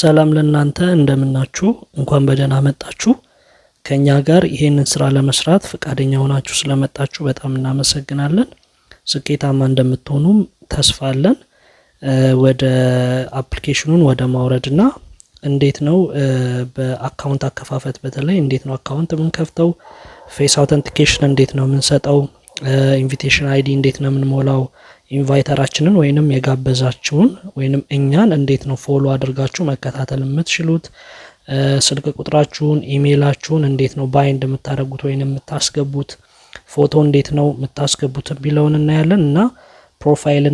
ሰላም ለእናንተ እንደምናችሁ፣ እንኳን በደህና መጣችሁ። ከእኛ ጋር ይሄንን ስራ ለመስራት ፈቃደኛ ሆናችሁ ስለመጣችሁ በጣም እናመሰግናለን። ስኬታማ እንደምትሆኑም ተስፋ አለን። ወደ አፕሊኬሽኑን ወደ ማውረድ እና እንዴት ነው በአካውንት አከፋፈት በተለይ እንዴት ነው አካውንት የምንከፍተው፣ ፌስ አውተንቲኬሽን እንዴት ነው የምንሰጠው፣ ኢንቪቴሽን አይዲ እንዴት ነው የምንሞላው፣ ኢንቫይተራችንን ወይንም የጋበዛችሁን ወይንም እኛን እንዴት ነው ፎሎ አድርጋችሁ መከታተል የምትችሉት? ስልክ ቁጥራችሁን፣ ኢሜይላችሁን እንዴት ነው ባይ የምታደርጉት ወይንም የምታስገቡት? ፎቶ እንዴት ነው የምታስገቡት የሚለውን እናያለን እና ፕሮፋይል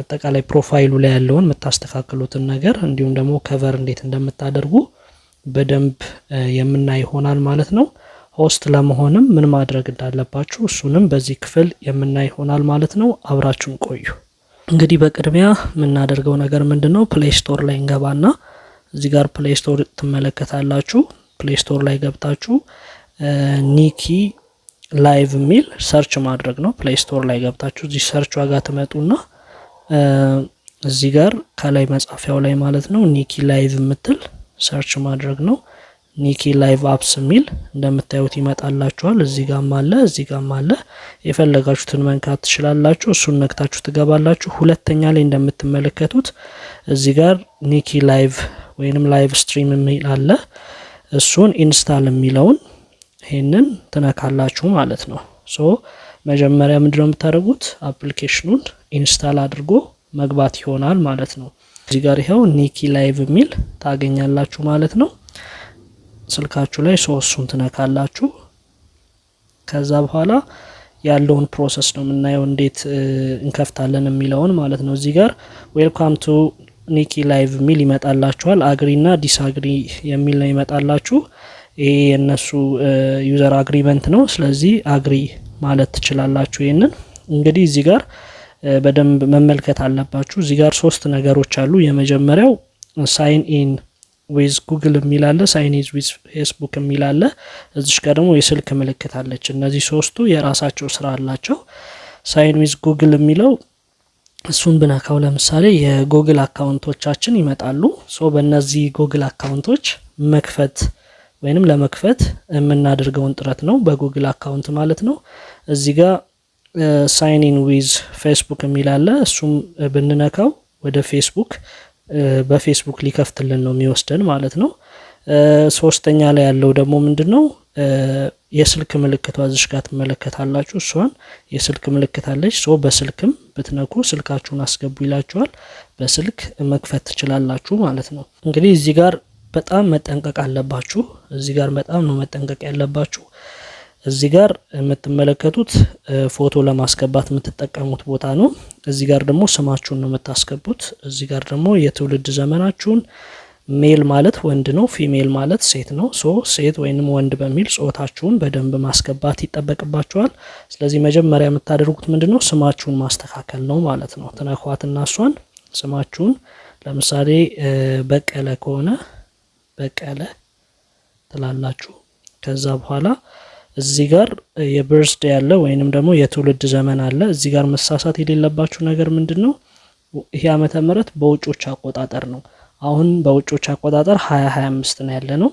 አጠቃላይ ፕሮፋይሉ ላይ ያለውን የምታስተካክሉትን ነገር እንዲሁም ደግሞ ከቨር እንዴት እንደምታደርጉ በደንብ የምናይ ይሆናል ማለት ነው። ሆስት ለመሆንም ምን ማድረግ እንዳለባችሁ እሱንም በዚህ ክፍል የምናይ ይሆናል ማለት ነው። አብራችሁን ቆዩ። እንግዲህ በቅድሚያ የምናደርገው ነገር ምንድን ነው? ፕሌይ ስቶር ላይ እንገባና እዚህ ጋር ፕሌይ ስቶር ትመለከታላችሁ። ፕሌይ ስቶር ላይ ገብታችሁ ኒኪ ላይቭ የሚል ሰርች ማድረግ ነው። ፕሌይ ስቶር ላይ ገብታችሁ እዚህ ሰርች ዋጋ ትመጡና እዚህ ጋር ከላይ መጻፊያው ላይ ማለት ነው ኒኪ ላይቭ የምትል ሰርች ማድረግ ነው። ኒኪ ላይቭ አፕስ የሚል እንደምታዩት ይመጣላችኋል። እዚህ ጋም አለ፣ እዚህ ጋም አለ። የፈለጋችሁትን መንካት ትችላላችሁ። እሱን ነክታችሁ ትገባላችሁ። ሁለተኛ ላይ እንደምትመለከቱት እዚህ ጋር ኒኪ ላይቭ ወይንም ላይቭ ስትሪም የሚል አለ። እሱን ኢንስታል የሚለውን ይህንን ትነካላችሁ ማለት ነው። ሶ መጀመሪያ ምንድነው የምታደርጉት? አፕሊኬሽኑን ኢንስታል አድርጎ መግባት ይሆናል ማለት ነው። እዚህ ጋር ይኸው ኒኪ ላይቭ የሚል ታገኛላችሁ ማለት ነው። ስልካችሁ ላይ ሶስቱን ትነካላችሁ። ከዛ በኋላ ያለውን ፕሮሰስ ነው የምናየው፣ እንዴት እንከፍታለን የሚለውን ማለት ነው። እዚህ ጋር ዌልካም ቱ ኒኪ ላይቭ የሚል ይመጣላችኋል። አግሪ እና ዲስአግሪ የሚል ነው ይመጣላችሁ። ይሄ የእነሱ ዩዘር አግሪመንት ነው። ስለዚህ አግሪ ማለት ትችላላችሁ። ይህንን እንግዲህ እዚህ ጋር በደንብ መመልከት አለባችሁ። እዚህ ጋር ሶስት ነገሮች አሉ። የመጀመሪያው ሳይን ኢን ዊዝ ጉግል የሚላለ ሳይኒዝ ዊዝ ፌስቡክ የሚላለ እዚሽ ጋር ደግሞ የስልክ ምልክት አለች። እነዚህ ሶስቱ የራሳቸው ስራ አላቸው። ሳይን ዊዝ ጉግል የሚለው እሱን ብነካው ለምሳሌ የጉግል አካውንቶቻችን ይመጣሉ። ሶ በእነዚህ ጉግል አካውንቶች መክፈት ወይንም ለመክፈት የምናደርገውን ጥረት ነው በጉግል አካውንት ማለት ነው። እዚህ ጋር ሳይን ኢን ዊዝ ፌስቡክ የሚላለ እሱም ብንነካው ወደ ፌስቡክ በፌስቡክ ሊከፍትልን ነው የሚወስደን ማለት ነው። ሶስተኛ ላይ ያለው ደግሞ ምንድን ነው? የስልክ ምልክቷ እዚሽ ጋር ትመለከታላችሁ። እሷን የስልክ ምልክት አለች። ሶ በስልክም ብትነኩ ስልካችሁን አስገቡ ይላችኋል። በስልክ መክፈት ትችላላችሁ ማለት ነው። እንግዲህ እዚህ ጋር በጣም መጠንቀቅ አለባችሁ። እዚህ ጋር በጣም ነው መጠንቀቅ ያለባችሁ። እዚህ ጋር የምትመለከቱት ፎቶ ለማስገባት የምትጠቀሙት ቦታ ነው። እዚህ ጋር ደግሞ ስማችሁን ነው የምታስገቡት። እዚህ ጋር ደግሞ የትውልድ ዘመናችሁን ሜል ማለት ወንድ ነው፣ ፊሜል ማለት ሴት ነው። ሶ ሴት ወይንም ወንድ በሚል ጾታችሁን በደንብ ማስገባት ይጠበቅባችኋል። ስለዚህ መጀመሪያ የምታደርጉት ምንድን ነው ስማችሁን ማስተካከል ነው ማለት ነው። ትነኳትና እሷን ስማችሁን ለምሳሌ በቀለ ከሆነ በቀለ ትላላችሁ ከዛ በኋላ እዚህ ጋር የበርስዴ ያለ ወይንም ደግሞ የትውልድ ዘመን አለ። እዚህ ጋር መሳሳት የሌለባችሁ ነገር ምንድን ነው? ይሄ ዓመተ ምህረት በውጮች አቆጣጠር ነው። አሁን በውጮች አቆጣጠር 2025 ነው ያለ ነው።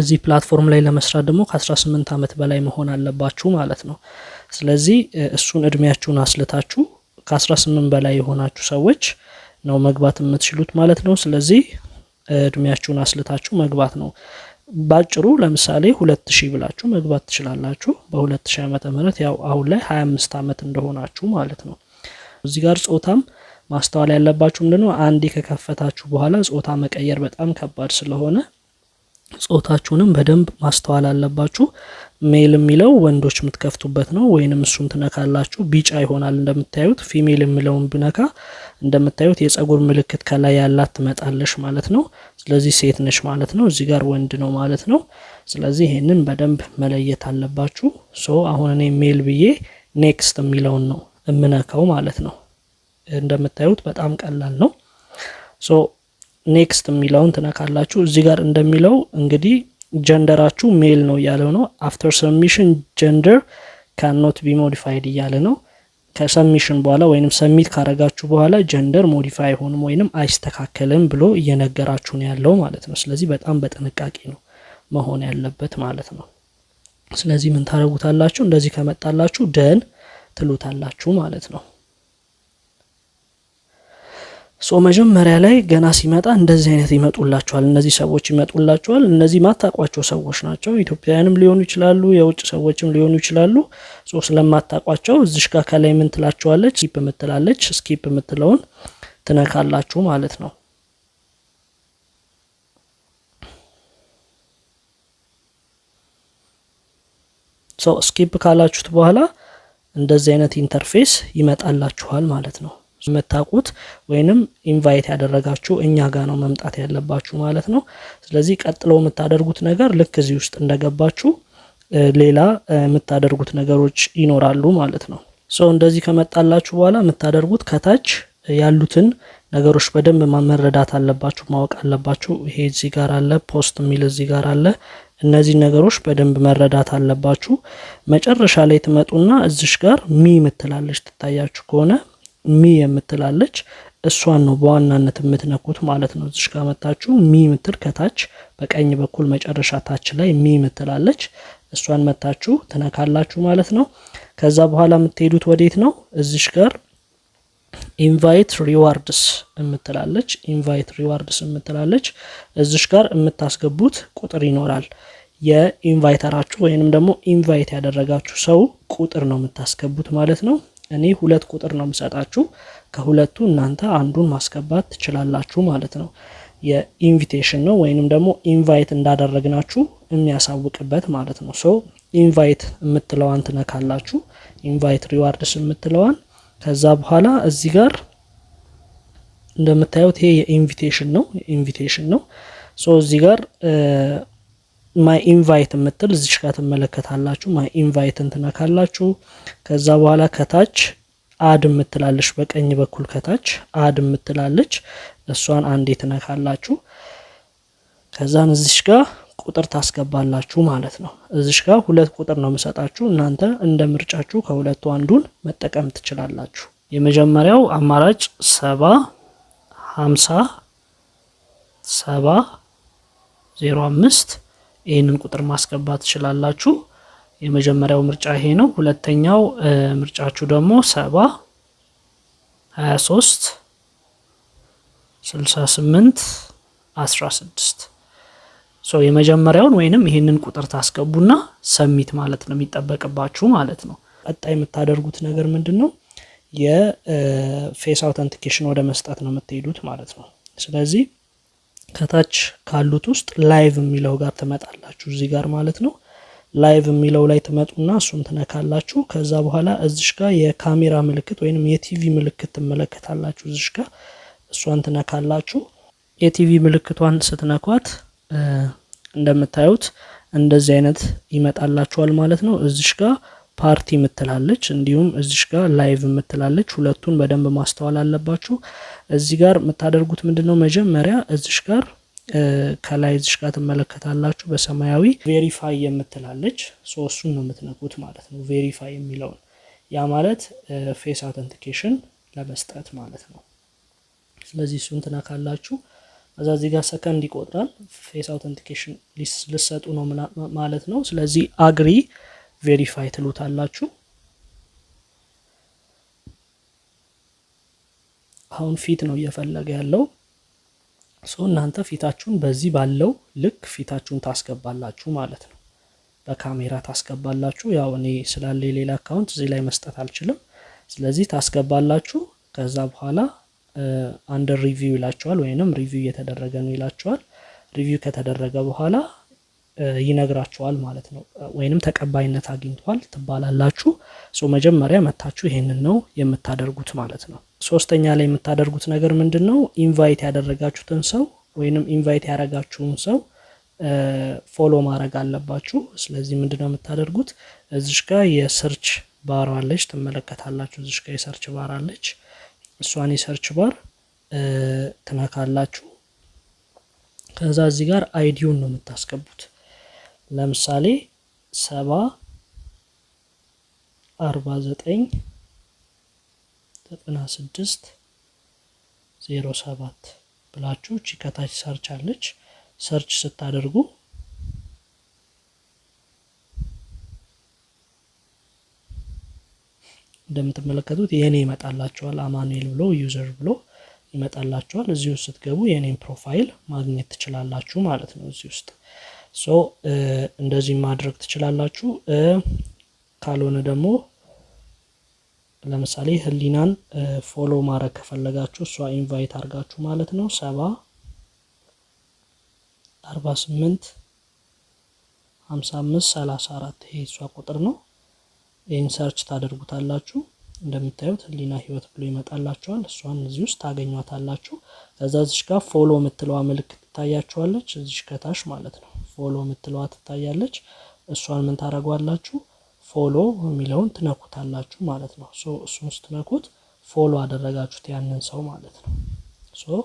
እዚህ ፕላትፎርም ላይ ለመስራት ደግሞ ከ18 ዓመት በላይ መሆን አለባችሁ ማለት ነው። ስለዚህ እሱን እድሜያችሁን አስልታችሁ ከ18 በላይ የሆናችሁ ሰዎች ነው መግባት የምትችሉት ማለት ነው። ስለዚህ እድሜያችሁን አስልታችሁ መግባት ነው። ባጭሩ ለምሳሌ ሁለት ሺህ ብላችሁ መግባት ትችላላችሁ በሁለት ሺህ ዓመተ ምህረት ያው አሁን ላይ ሀያ አምስት ዓመት እንደሆናችሁ ማለት ነው። እዚህ ጋር ጾታም ማስተዋል ያለባችሁ ነው፣ አንዴ ከከፈታችሁ በኋላ ጾታ መቀየር በጣም ከባድ ስለሆነ ጾታችሁንም በደንብ ማስተዋል አለባችሁ። ሜል የሚለው ወንዶች የምትከፍቱበት ነው፣ ወይንም እሱን ትነካላችሁ ቢጫ ይሆናል እንደምታዩት። ፊሜል የሚለውን ብነካ እንደምታዩት የጸጉር ምልክት ከላይ ያላት ትመጣለች ማለት ነው። ስለዚህ ሴት ነች ማለት ነው። እዚህ ጋር ወንድ ነው ማለት ነው። ስለዚህ ይህንን በደንብ መለየት አለባችሁ። ሶ አሁን እኔ ሜል ብዬ ኔክስት የሚለውን ነው የምነካው ማለት ነው። እንደምታዩት በጣም ቀላል ነው። ሶ ኔክስት የሚለውን ትነካላችሁ። እዚህ ጋር እንደሚለው እንግዲህ ጀንደራችሁ ሜል ነው እያለው ነው። አፍተር ሰሚሽን ጀንደር ካኖት ቢ ሞዲፋይድ እያለ ነው። ከሰሚሽን በኋላ ወይንም ሰሚት ካረጋችሁ በኋላ ጀንደር ሞዲፋይ አይሆንም ወይንም አይስተካከልም ብሎ እየነገራችሁ ነው ያለው ማለት ነው። ስለዚህ በጣም በጥንቃቄ ነው መሆን ያለበት ማለት ነው። ስለዚህ ምን ታረጉታላችሁ? እንደዚህ ከመጣላችሁ ደን ትሉታላችሁ ማለት ነው። ሶ መጀመሪያ ላይ ገና ሲመጣ እንደዚህ አይነት ይመጡላቸዋል፣ እነዚህ ሰዎች ይመጡላቸዋል። እነዚህ ማታቋቸው ሰዎች ናቸው። ኢትዮጵያውያንም ሊሆኑ ይችላሉ፣ የውጭ ሰዎችም ሊሆኑ ይችላሉ። ሶ ስለማታቋቸው እዚሽ ጋር ከላይ ምን ትላቸዋለች? ስኪፕ ምትላለች። ስኪፕ የምትለውን ትነካላችሁ ማለት ነው። ሶ ስኪፕ ካላችሁት በኋላ እንደዚህ አይነት ኢንተርፌስ ይመጣላችኋል ማለት ነው። የምታውቁት ወይንም ኢንቫይት ያደረጋችሁ እኛ ጋር ነው መምጣት ያለባችሁ ማለት ነው። ስለዚህ ቀጥሎ የምታደርጉት ነገር ልክ እዚህ ውስጥ እንደገባችሁ ሌላ የምታደርጉት ነገሮች ይኖራሉ ማለት ነው። ሶ እንደዚህ ከመጣላችሁ በኋላ የምታደርጉት ከታች ያሉትን ነገሮች በደንብ መረዳት አለባችሁ፣ ማወቅ አለባችሁ። ይሄ እዚህ ጋር አለ፣ ፖስት የሚል እዚህ ጋር አለ። እነዚህ ነገሮች በደንብ መረዳት አለባችሁ። መጨረሻ ላይ ትመጡና እዚሽ ጋር ሚ ምትላለች ትታያችሁ ከሆነ ሚ የምትላለች እሷን ነው በዋናነት የምትነኩት ማለት ነው። እዚሽ መታችሁ ሚ ምትል ከታች በቀኝ በኩል መጨረሻ ታች ላይ ሚ ምትላለች እሷን መታችሁ ትነካላችሁ ማለት ነው። ከዛ በኋላ የምትሄዱት ወዴት ነው? እዚሽ ጋር ኢንቫይት ሪዋርድስ የምትላለች ኢንቫይት ሪዋርድስ የምትላለች እዚሽ ጋር የምታስገቡት ቁጥር ይኖራል። የኢንቫይተራችሁ ወይንም ደግሞ ኢንቫይት ያደረጋችሁ ሰው ቁጥር ነው የምታስገቡት ማለት ነው። እኔ ሁለት ቁጥር ነው የምሰጣችሁ። ከሁለቱ እናንተ አንዱን ማስገባት ትችላላችሁ ማለት ነው። የኢንቪቴሽን ነው ወይንም ደግሞ ኢንቫይት እንዳደረግናችሁ የሚያሳውቅበት ማለት ነው። ሶ ኢንቫይት የምትለዋን ትነካላችሁ። ኢንቫይት ሪዋርድስ የምትለዋን ከዛ በኋላ እዚህ ጋር እንደምታዩት ይሄ የኢንቪቴሽን ነው የኢንቪቴሽን ነው። ሶ እዚህ ጋር ማይ ኢንቫይት የምትል እዚች ጋር ትመለከታላችሁ። ማይ ኢንቫይትን ትነካላችሁ። ከዛ በኋላ ከታች አድ የምትላለች፣ በቀኝ በኩል ከታች አድ የምትላለች እሷን አንዴ ትነካላችሁ። ከዛን እዚሽ ጋር ቁጥር ታስገባላችሁ ማለት ነው። እዚሽ ጋር ሁለት ቁጥር ነው የምሰጣችሁ። እናንተ እንደ ምርጫችሁ ከሁለቱ አንዱን መጠቀም ትችላላችሁ። የመጀመሪያው አማራጭ ሰባ ሀምሳ ሰባ ዜሮ አምስት ይህንን ቁጥር ማስገባት ትችላላችሁ። የመጀመሪያው ምርጫ ይሄ ነው። ሁለተኛው ምርጫችሁ ደግሞ ሰባ ሀያ ሶስት ስልሳ ስምንት አስራ ስድስት ሶ የመጀመሪያውን ወይንም ይሄንን ቁጥር ታስገቡና ሰሚት ማለት ነው የሚጠበቅባችሁ ማለት ነው። ቀጣይ የምታደርጉት ነገር ምንድን ነው? የፌስ አውተንቲኬሽን ወደ መስጠት ነው የምትሄዱት ማለት ነው። ስለዚህ ከታች ካሉት ውስጥ ላይቭ የሚለው ጋር ትመጣላችሁ። እዚህ ጋር ማለት ነው። ላይቭ የሚለው ላይ ትመጡና እሱን ትነካላችሁ። ከዛ በኋላ እዚሽ ጋር የካሜራ ምልክት ወይንም የቲቪ ምልክት ትመለከታላችሁ። እዚሽ ጋር እሷን ትነካላችሁ። የቲቪ ምልክቷን ስትነኳት እንደምታዩት እንደዚህ አይነት ይመጣላችኋል ማለት ነው። እዚሽ ጋር ፓርቲ የምትላለች እንዲሁም እዚሽ ጋር ላይቭ የምትላለች። ሁለቱን በደንብ ማስተዋል አለባችሁ። እዚህ ጋር የምታደርጉት ምንድን ነው? መጀመሪያ እዚሽ ጋር ከላይ እዚሽ ጋር ትመለከታላችሁ በሰማያዊ ቬሪፋይ የምትላለች። ሶ እሱን ነው የምትነቁት ማለት ነው፣ ቬሪፋይ የሚለውን ያ ማለት ፌስ አውተንቲኬሽን ለመስጠት ማለት ነው። ስለዚህ እሱን ትነካላችሁ። እዛ እዚህ ጋር ሰከንድ ይቆጥራል። ፌስ አውተንቲኬሽን ልሰጡ ነው ማለት ነው። ስለዚህ አግሪ ቬሪፋይ ትሉታላችሁ። አሁን ፊት ነው እየፈለገ ያለው ሶ እናንተ ፊታችሁን በዚህ ባለው ልክ ፊታችሁን ታስገባላችሁ ማለት ነው። በካሜራ ታስገባላችሁ። ያው እኔ ስላለ ሌላ አካውንት እዚህ ላይ መስጠት አልችልም። ስለዚህ ታስገባላችሁ። ከዛ በኋላ አንደር ሪቪው ይላችኋል፣ ወይንም ሪቪው እየተደረገ ነው ይላችኋል። ሪቪው ከተደረገ በኋላ ይነግራችኋል ማለት ነው። ወይንም ተቀባይነት አግኝቷል ትባላላችሁ። ሶ መጀመሪያ መታችሁ ይሄንን ነው የምታደርጉት ማለት ነው። ሶስተኛ ላይ የምታደርጉት ነገር ምንድን ነው? ኢንቫይት ያደረጋችሁትን ሰው ወይንም ኢንቫይት ያደረጋችሁን ሰው ፎሎ ማድረግ አለባችሁ። ስለዚህ ምንድነው ነው የምታደርጉት? እዚሽ ጋ የሰርች ባር አለች ትመለከታላችሁ። እዚሽ ጋ የሰርች ባር አለች። እሷን የሰርች ባር ትነካላችሁ። ከዛ እዚህ ጋር አይዲውን ነው የምታስገቡት ለምሳሌ ሰባ አርባ ዘጠኝ ዘጠና ስድስት ዜሮ ሰባት ብላችሁ እቺ ከታች ሰርች አለች። ሰርች ስታደርጉ እንደምትመለከቱት የኔ ይመጣላችኋል። አማኑኤል ብሎ ዩዘር ብሎ ይመጣላችኋል። እዚህ ውስጥ ስትገቡ የእኔን ፕሮፋይል ማግኘት ትችላላችሁ ማለት ነው እዚህ ውስጥ ሶ እንደዚህ ማድረግ ትችላላችሁ። ካልሆነ ደግሞ ለምሳሌ ህሊናን ፎሎ ማድረግ ከፈለጋችሁ እሷ ኢንቫይት አድርጋችሁ ማለት ነው። ሰባ አርባ ስምንት ሀምሳ አምስት ሰላሳ አራት ይሄ እሷ ቁጥር ነው። ይህን ሰርች ታደርጉታላችሁ። እንደምታዩት ህሊና ህይወት ብሎ ይመጣላችኋል። እሷን እዚህ ውስጥ ታገኟታላችሁ። ከዛ እዚሽ ጋር ፎሎ የምትለዋ ምልክት ትታያችኋለች። እዚሽ ከታች ማለት ነው ፎሎ የምትለዋ ትታያለች። እሷን ምን ታደርጓላችሁ? ፎሎ የሚለውን ትነኩታላችሁ ማለት ነው። ሶ እሱን ስትነኩት ፎሎ አደረጋችሁት ያንን ሰው ማለት ነው። ሶ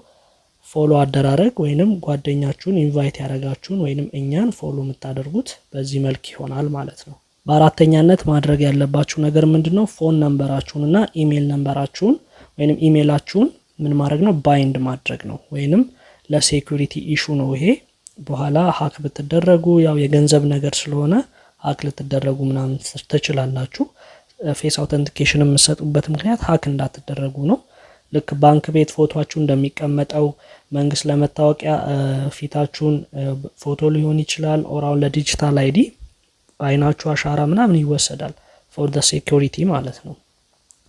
ፎሎ አደራረግ ወይንም ጓደኛችሁን ኢንቫይት ያደረጋችሁን ወይንም እኛን ፎሎ የምታደርጉት በዚህ መልክ ይሆናል ማለት ነው። በአራተኛነት ማድረግ ያለባችሁ ነገር ምንድን ነው? ፎን ነንበራችሁን እና ኢሜይል ነንበራችሁን ወይንም ኢሜይላችሁን ምን ማድረግ ነው? ባይንድ ማድረግ ነው። ወይንም ለሴኩሪቲ ኢሹ ነው ይሄ። በኋላ ሀክ ብትደረጉ ያው የገንዘብ ነገር ስለሆነ ሀክ ልትደረጉ ምናምን ትችላላችሁ። ፌስ አውተንቲኬሽን የምትሰጡበት ምክንያት ሀክ እንዳትደረጉ ነው። ልክ ባንክ ቤት ፎቶችሁ እንደሚቀመጠው መንግስት ለመታወቂያ ፊታችሁን ፎቶ ሊሆን ይችላል። ኦራውን ለዲጂታል አይዲ አይናችሁ አሻራ ምናምን ይወሰዳል ፎር ደ ሴኩሪቲ ማለት ነው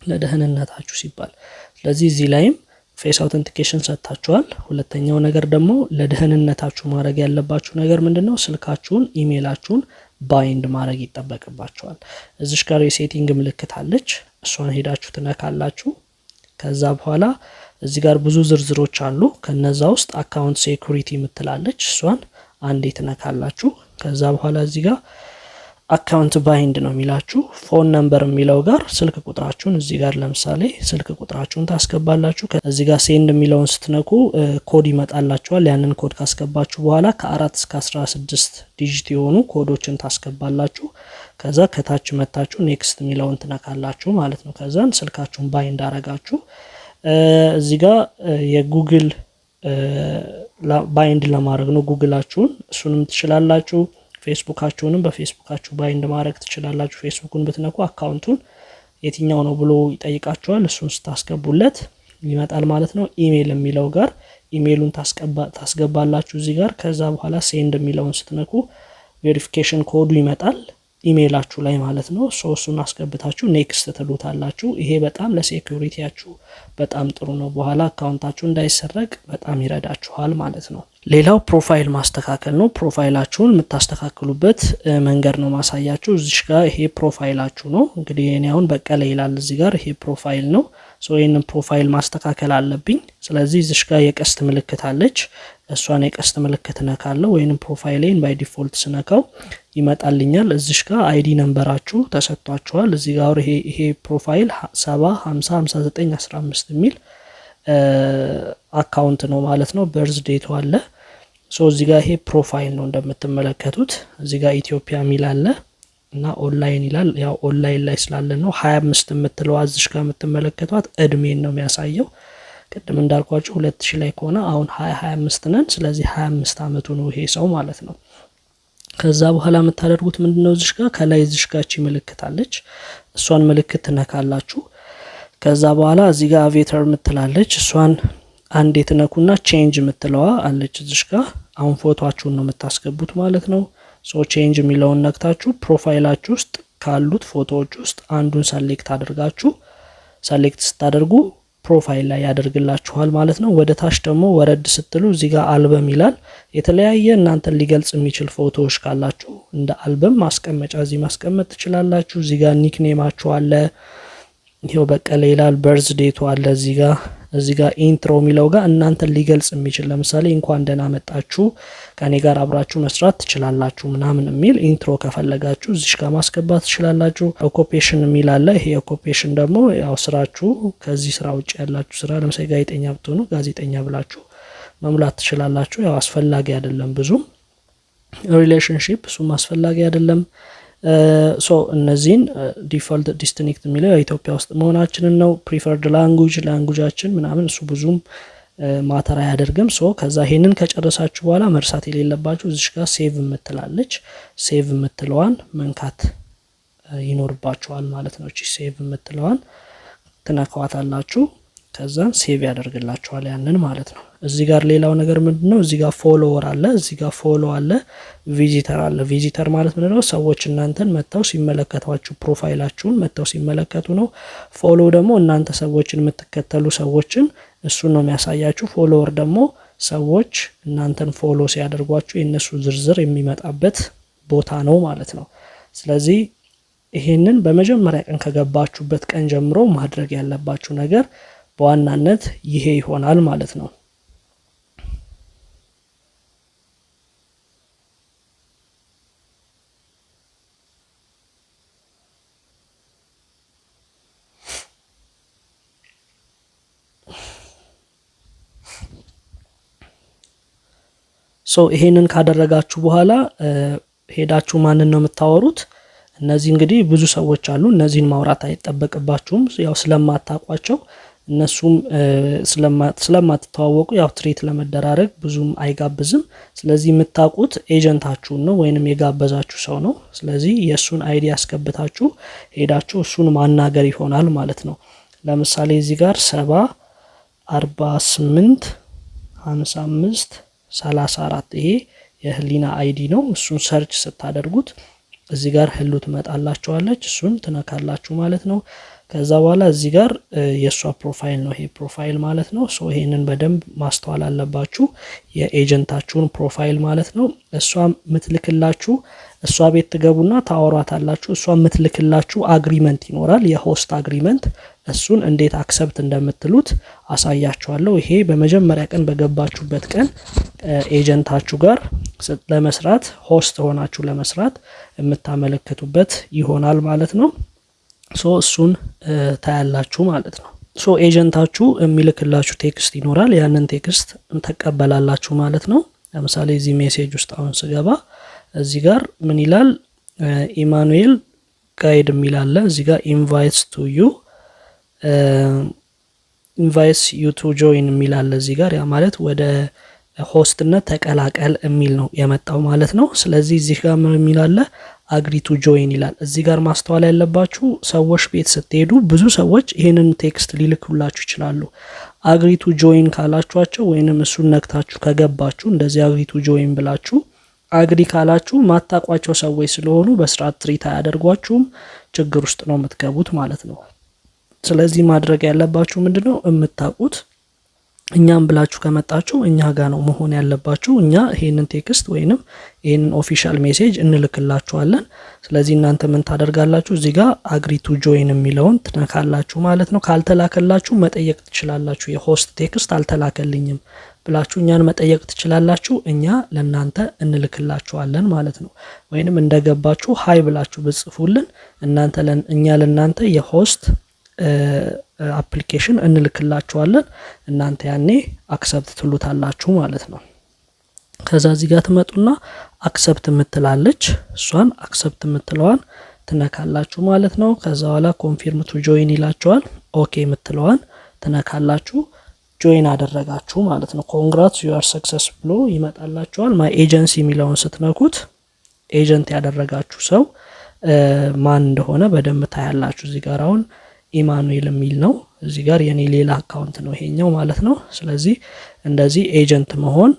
ለደህንነታችሁ ሲባል ስለዚህ እዚህ ላይም ፌስ አውተንቲኬሽን ሰጥታችኋል። ሁለተኛው ነገር ደግሞ ለደህንነታችሁ ማድረግ ያለባችሁ ነገር ምንድን ነው? ስልካችሁን ኢሜይላችሁን ባይንድ ማድረግ ይጠበቅባቸዋል። እዚሽ ጋር የሴቲንግ ምልክት አለች። እሷን ሄዳችሁ ትነካላችሁ። ከዛ በኋላ እዚህ ጋር ብዙ ዝርዝሮች አሉ። ከነዛ ውስጥ አካውንት ሴኩሪቲ የምትላለች እሷን አንዴ ትነካላችሁ። ከዛ በኋላ እዚህ ጋር አካውንት ባይንድ ነው የሚላችሁ ፎን ነምበር የሚለው ጋር ስልክ ቁጥራችሁን እዚህ ጋር ለምሳሌ ስልክ ቁጥራችሁን ታስገባላችሁ። እዚህ ጋር ሴንድ የሚለውን ስትነኩ ኮድ ይመጣላችኋል። ያንን ኮድ ካስገባችሁ በኋላ ከአራት እስከ አስራ ስድስት ዲጂት የሆኑ ኮዶችን ታስገባላችሁ። ከዛ ከታች መታችሁ ኔክስት የሚለውን ትነካላችሁ ማለት ነው። ከዛን ስልካችሁን ባይንድ አረጋችሁ። እዚህ ጋር የጉግል ባይንድ ለማድረግ ነው ጉግላችሁን፣ እሱንም ትችላላችሁ። ፌስቡካችሁንም በፌስቡካችሁ ባይንድ ማድረግ ትችላላችሁ። ፌስቡኩን ብትነኩ አካውንቱን የትኛው ነው ብሎ ይጠይቃችኋል። እሱን ስታስገቡለት ይመጣል ማለት ነው። ኢሜይል የሚለው ጋር ኢሜይሉን ታስገባላችሁ እዚህ ጋር። ከዛ በኋላ ሴንድ የሚለውን ስትነኩ ቬሪፊኬሽን ኮዱ ይመጣል። ኢሜይላችሁ ላይ ማለት ነው። ሶ አስገብታችሁ ኔክስት ትሉታላችሁ። ይሄ በጣም ለሴኩሪቲያችሁ በጣም ጥሩ ነው። በኋላ አካውንታችሁ እንዳይሰረቅ በጣም ይረዳችኋል ማለት ነው። ሌላው ፕሮፋይል ማስተካከል ነው። ፕሮፋይላችሁን የምታስተካክሉበት መንገድ ነው ማሳያችሁ። እዚሽ ጋር ይሄ ፕሮፋይላችሁ ነው። እንግዲህ እኔ አሁን በቀለ ይላል እዚህ ጋር ይሄ ፕሮፋይል ነው። ይህንን ፕሮፋይል ማስተካከል አለብኝ። ስለዚህ እዚሽ ጋር የቀስት ምልክት አለች። እሷን የቀስት ምልክት ነካለው ወይንም ፕሮፋይሌን ባይ ዲፎልት ስነካው ይመጣልኛል። እዚሽ ጋር አይዲ ነንበራችሁ ተሰጥቷችኋል። እዚህ ጋር ይሄ ፕሮፋይል ሰባ ሀምሳ ሀምሳ የሚል አካውንት ነው ማለት ነው። በርዝ ዴቱ አለ። ሶ እዚህ ጋር ይሄ ፕሮፋይል ነው እንደምትመለከቱት። እዚህ ጋር ኢትዮጵያ የሚል አለ እና ኦንላይን ይላል። ያው ኦንላይን ላይ ስላለ ነው። 25 አምስት የምትለው አዝሽ ጋር የምትመለከቷት እድሜን ነው የሚያሳየው። ቅድም እንዳልኳቸው ሁለት ሺ ላይ ከሆነ አሁን ሀያ ሀያ አምስት ነን። ስለዚህ ሀያ አምስት አመቱ ነው ይሄ ሰው ማለት ነው። ከዛ በኋላ የምታደርጉት ምንድን ነው? እዚሽ ጋር ከላይ እዚሽ ጋር እቺ ምልክት አለች። እሷን ምልክት ትነካላችሁ። ከዛ በኋላ እዚህ ጋር አቬተር ምትላለች እሷን አንዴ ትነኩና ቼንጅ የምትለዋ አለች እዚሽ ጋር አሁን ፎቶችሁን ነው የምታስገቡት ማለት ነው። ሶ ቼንጅ የሚለውን ነክታችሁ ፕሮፋይላችሁ ውስጥ ካሉት ፎቶዎች ውስጥ አንዱን ሰሌክት አድርጋችሁ ሰሌክት ስታደርጉ ፕሮፋይል ላይ ያደርግላችኋል ማለት ነው። ወደ ታች ደግሞ ወረድ ስትሉ እዚህ ጋር አልበም ይላል። የተለያየ እናንተን ሊገልጽ የሚችል ፎቶዎች ካላችሁ እንደ አልበም ማስቀመጫ እዚህ ማስቀመጥ ትችላላችሁ። እዚህ ጋር ኒክኔማችሁ አለ። ይኸው በቀለ ይላል። በርዝ ዴቱ አለ እዚህ ጋር እዚህ ጋር ኢንትሮ የሚለው ጋር እናንተን ሊገልጽ የሚችል ለምሳሌ እንኳን ደህና መጣችሁ ከኔ ጋር አብራችሁ መስራት ትችላላችሁ ምናምን የሚል ኢንትሮ ከፈለጋችሁ እዚሽ ጋር ማስገባት ትችላላችሁ። ኦኮፔሽን የሚል አለ። ይሄ ኦኮፔሽን ደግሞ ያው ስራችሁ ከዚህ ስራ ውጭ ያላችሁ ስራ ለምሳሌ ጋዜጠኛ ብትሆኑ ጋዜጠኛ ብላችሁ መሙላት ትችላላችሁ። ያው አስፈላጊ አይደለም ብዙም ሪሌሽንሽፕ እሱም አስፈላጊ አይደለም። ሶ እነዚህን ዲፎልት ዲስትኒክት የሚለው ኢትዮጵያ ውስጥ መሆናችንን ነው። ፕሪፈርድ ላንጉጅ ላንጉጃችን ምናምን እሱ ብዙም ማተር አያደርግም። ሶ ከዛ ይሄንን ከጨረሳችሁ በኋላ መርሳት የሌለባችሁ እዚሽ ጋር ሴቭ የምትላለች ሴቭ የምትለዋን መንካት ይኖርባችኋል ማለት ነው። እቺ ሴቭ የምትለዋን ትነካዋታላችሁ። ከዛ ሴቭ ያደርግላችኋል ያንን ማለት ነው። እዚህ ጋር ሌላው ነገር ምንድን ነው? እዚህ ጋር ፎሎወር አለ፣ እዚህ ጋር ፎሎ አለ፣ ቪዚተር አለ። ቪዚተር ማለት ምንድን ነው? ሰዎች እናንተን መጥተው ሲመለከቷችሁ ፕሮፋይላችሁን መጥተው ሲመለከቱ ነው። ፎሎ ደግሞ እናንተ ሰዎችን የምትከተሉ ሰዎችን እሱን ነው የሚያሳያችሁ። ፎሎወር ደግሞ ሰዎች እናንተን ፎሎ ሲያደርጓችሁ የእነሱ ዝርዝር የሚመጣበት ቦታ ነው ማለት ነው። ስለዚህ ይሄንን በመጀመሪያ ቀን ከገባችሁበት ቀን ጀምሮ ማድረግ ያለባችሁ ነገር በዋናነት ይሄ ይሆናል ማለት ነው። ሶ ይሄንን ካደረጋችሁ በኋላ ሄዳችሁ ማንን ነው የምታወሩት? እነዚህ እንግዲህ ብዙ ሰዎች አሉ። እነዚህን ማውራት አይጠበቅባችሁም፣ ያው ስለማታውቋቸው እነሱም ስለማትተዋወቁ ያው ትሬት ለመደራረግ ብዙም አይጋብዝም። ስለዚህ የምታውቁት ኤጀንታችሁን ነው ወይንም የጋበዛችሁ ሰው ነው። ስለዚህ የእሱን አይዲ ያስገብታችሁ ሄዳችሁ እሱን ማናገር ይሆናል ማለት ነው። ለምሳሌ እዚህ ጋር ሰባ አርባ ስምንት ሀምሳ አምስት ሰላሳ አራት ይሄ የህሊና አይዲ ነው። እሱን ሰርች ስታደርጉት እዚህ ጋር ህሉ ትመጣላችኋለች። እሱን ትነካላችሁ ማለት ነው። ከዛ በኋላ እዚህ ጋር የእሷ ፕሮፋይል ነው ይሄ ፕሮፋይል ማለት ነው። ሶ ይሄንን በደንብ ማስተዋል አለባችሁ፣ የኤጀንታችሁን ፕሮፋይል ማለት ነው። እሷ ምትልክላችሁ እሷ ቤት ትገቡና ታወሯታላችሁ። እሷ ምትልክላችሁ አግሪመንት ይኖራል፣ የሆስት አግሪመንት። እሱን እንዴት አክሰብት እንደምትሉት አሳያችኋለሁ። ይሄ በመጀመሪያ ቀን በገባችሁበት ቀን ኤጀንታችሁ ጋር ለመስራት ሆስት ሆናችሁ ለመስራት የምታመለክቱበት ይሆናል ማለት ነው። ሶ እሱን ታያላችሁ ማለት ነው። ሶ ኤጀንታችሁ የሚልክላችሁ ቴክስት ይኖራል። ያንን ቴክስት ተቀበላላችሁ ማለት ነው። ለምሳሌ እዚህ ሜሴጅ ውስጥ አሁን ስገባ እዚህ ጋር ምን ይላል? ኢማኑኤል ጋይድ የሚላለ እዚህ ጋር ኢንቫይትስ ቱ ዩ ኢንቫይትስ ዩ ቱ ጆይን የሚላለ እዚህ ጋር። ያ ማለት ወደ ሆስትነት ተቀላቀል የሚል ነው የመጣው ማለት ነው። ስለዚህ እዚህ ጋር ምን አግሪ ቱ ጆይን ይላል። እዚህ ጋር ማስተዋል ያለባችሁ ሰዎች ቤት ስትሄዱ ብዙ ሰዎች ይህንን ቴክስት ሊልኩላችሁ ይችላሉ። አግሪ ቱ ጆይን ካላችኋቸው ወይንም እሱን ነክታችሁ ከገባችሁ እንደዚህ አግሪ ቱ ጆይን ብላችሁ አግሪ ካላችሁ ማታቋቸው ሰዎች ስለሆኑ በስርዓት ትሪት አያደርጓችሁም። ችግር ውስጥ ነው የምትገቡት ማለት ነው። ስለዚህ ማድረግ ያለባችሁ ምንድነው የምታቁት? የምታውቁት እኛም ብላችሁ ከመጣችሁ እኛ ጋር ነው መሆን ያለባችሁ። እኛ ይህንን ቴክስት ወይንም ይህንን ኦፊሻል ሜሴጅ እንልክላችኋለን። ስለዚህ እናንተ ምን ታደርጋላችሁ? እዚህ ጋር አግሪ ቱ ጆይን የሚለውን ትነካላችሁ ማለት ነው። ካልተላከላችሁ መጠየቅ ትችላላችሁ። የሆስት ቴክስት አልተላከልኝም ብላችሁ እኛን መጠየቅ ትችላላችሁ። እኛ ለእናንተ እንልክላችኋለን ማለት ነው። ወይንም እንደገባችሁ ሀይ ብላችሁ ብጽፉልን እናንተ እኛ ለእናንተ የሆስት አፕሊኬሽን እንልክላችኋለን እናንተ ያኔ አክሰብት ትሉታላችሁ ማለት ነው። ከዛ እዚህ ጋር ትመጡና አክሰብት የምትላለች እሷን አክሰብት የምትለዋን ትነካላችሁ ማለት ነው። ከዛ በኋላ ኮንፊርም ቱ ጆይን ይላችኋል። ኦኬ የምትለዋን ትነካላችሁ። ጆይን አደረጋችሁ ማለት ነው። ኮንግራትስ ዩአር ሰክሰስ ብሎ ይመጣላችኋል። ማይ ኤጀንሲ የሚለውን ስትነኩት ኤጀንት ያደረጋችሁ ሰው ማን እንደሆነ በደንብ ታያላችሁ። እዚህ ጋር አሁን ኢማኑኤል የሚል ነው። እዚህ ጋር የኔ ሌላ አካውንት ነው ይሄኛው ማለት ነው። ስለዚህ እንደዚህ ኤጀንት መሆን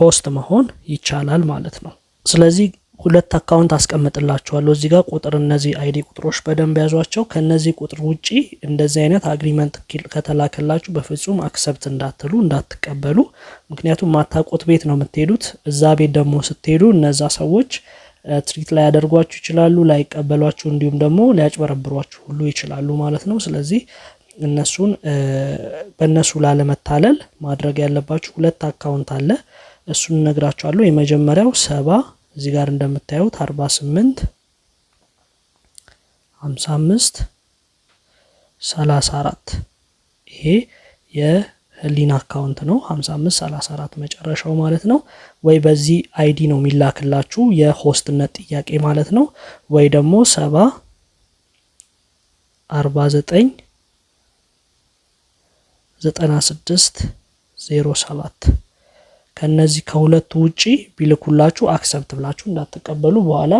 ሆስት መሆን ይቻላል ማለት ነው። ስለዚህ ሁለት አካውንት አስቀምጥላችኋለሁ እዚህ ጋር ቁጥር እነዚህ አይዲ ቁጥሮች በደንብ ያዟቸው። ከነዚህ ቁጥር ውጪ እንደዚህ አይነት አግሪመንት ከተላከላችሁ በፍጹም አክሰብት እንዳትሉ እንዳትቀበሉ። ምክንያቱም ማታቆት ቤት ነው የምትሄዱት። እዛ ቤት ደግሞ ስትሄዱ እነዛ ሰዎች ትሪት ላይ ያደርጓችሁ ይችላሉ፣ ላይቀበሏችሁ፣ እንዲሁም ደግሞ ሊያጭበረብሯችሁ ሁሉ ይችላሉ ማለት ነው። ስለዚህ እነሱን በእነሱ ላለመታለል ማድረግ ያለባችሁ ሁለት አካውንት አለ። እሱን እነግራችኋለሁ። የመጀመሪያው ሰባ እዚህ ጋር እንደምታዩት አርባ ስምንት ሀምሳ አምስት ሰላሳ አራት ይሄ ህሊና አካውንት ነው 5534 መጨረሻው ማለት ነው። ወይ በዚህ አይዲ ነው የሚላክላችሁ የሆስትነት ጥያቄ ማለት ነው። ወይ ደግሞ 70 49 96 07 ከነዚህ ከሁለቱ ውጪ ቢልኩላችሁ አክሰብት ብላችሁ እንዳትቀበሉ በኋላ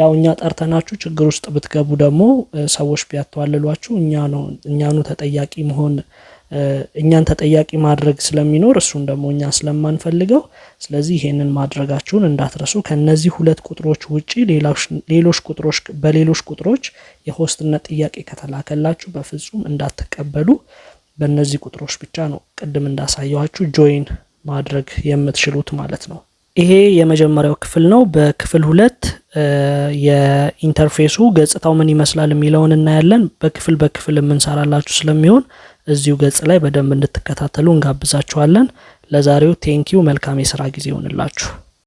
ያው እኛ ጠርተናችሁ ችግር ውስጥ ብትገቡ ደግሞ ሰዎች ቢያተዋልሏችሁ እኛኑ ተጠያቂ መሆን እኛን ተጠያቂ ማድረግ ስለሚኖር እሱን ደግሞ እኛ ስለማንፈልገው፣ ስለዚህ ይሄንን ማድረጋችሁን እንዳትረሱ። ከነዚህ ሁለት ቁጥሮች ውጪ ሌሎች ቁጥሮች በሌሎች ቁጥሮች የሆስትነት ጥያቄ ከተላከላችሁ በፍጹም እንዳትቀበሉ። በእነዚህ ቁጥሮች ብቻ ነው ቅድም እንዳሳየኋችሁ ጆይን ማድረግ የምትችሉት ማለት ነው። ይሄ የመጀመሪያው ክፍል ነው። በክፍል ሁለት የኢንተርፌሱ ገጽታው ምን ይመስላል የሚለውን እናያለን። በክፍል በክፍል የምንሰራላችሁ ስለሚሆን እዚሁ ገጽ ላይ በደንብ እንድትከታተሉ እንጋብዛችኋለን። ለዛሬው ቴንኪው፣ መልካም የስራ ጊዜ ይሆንላችሁ።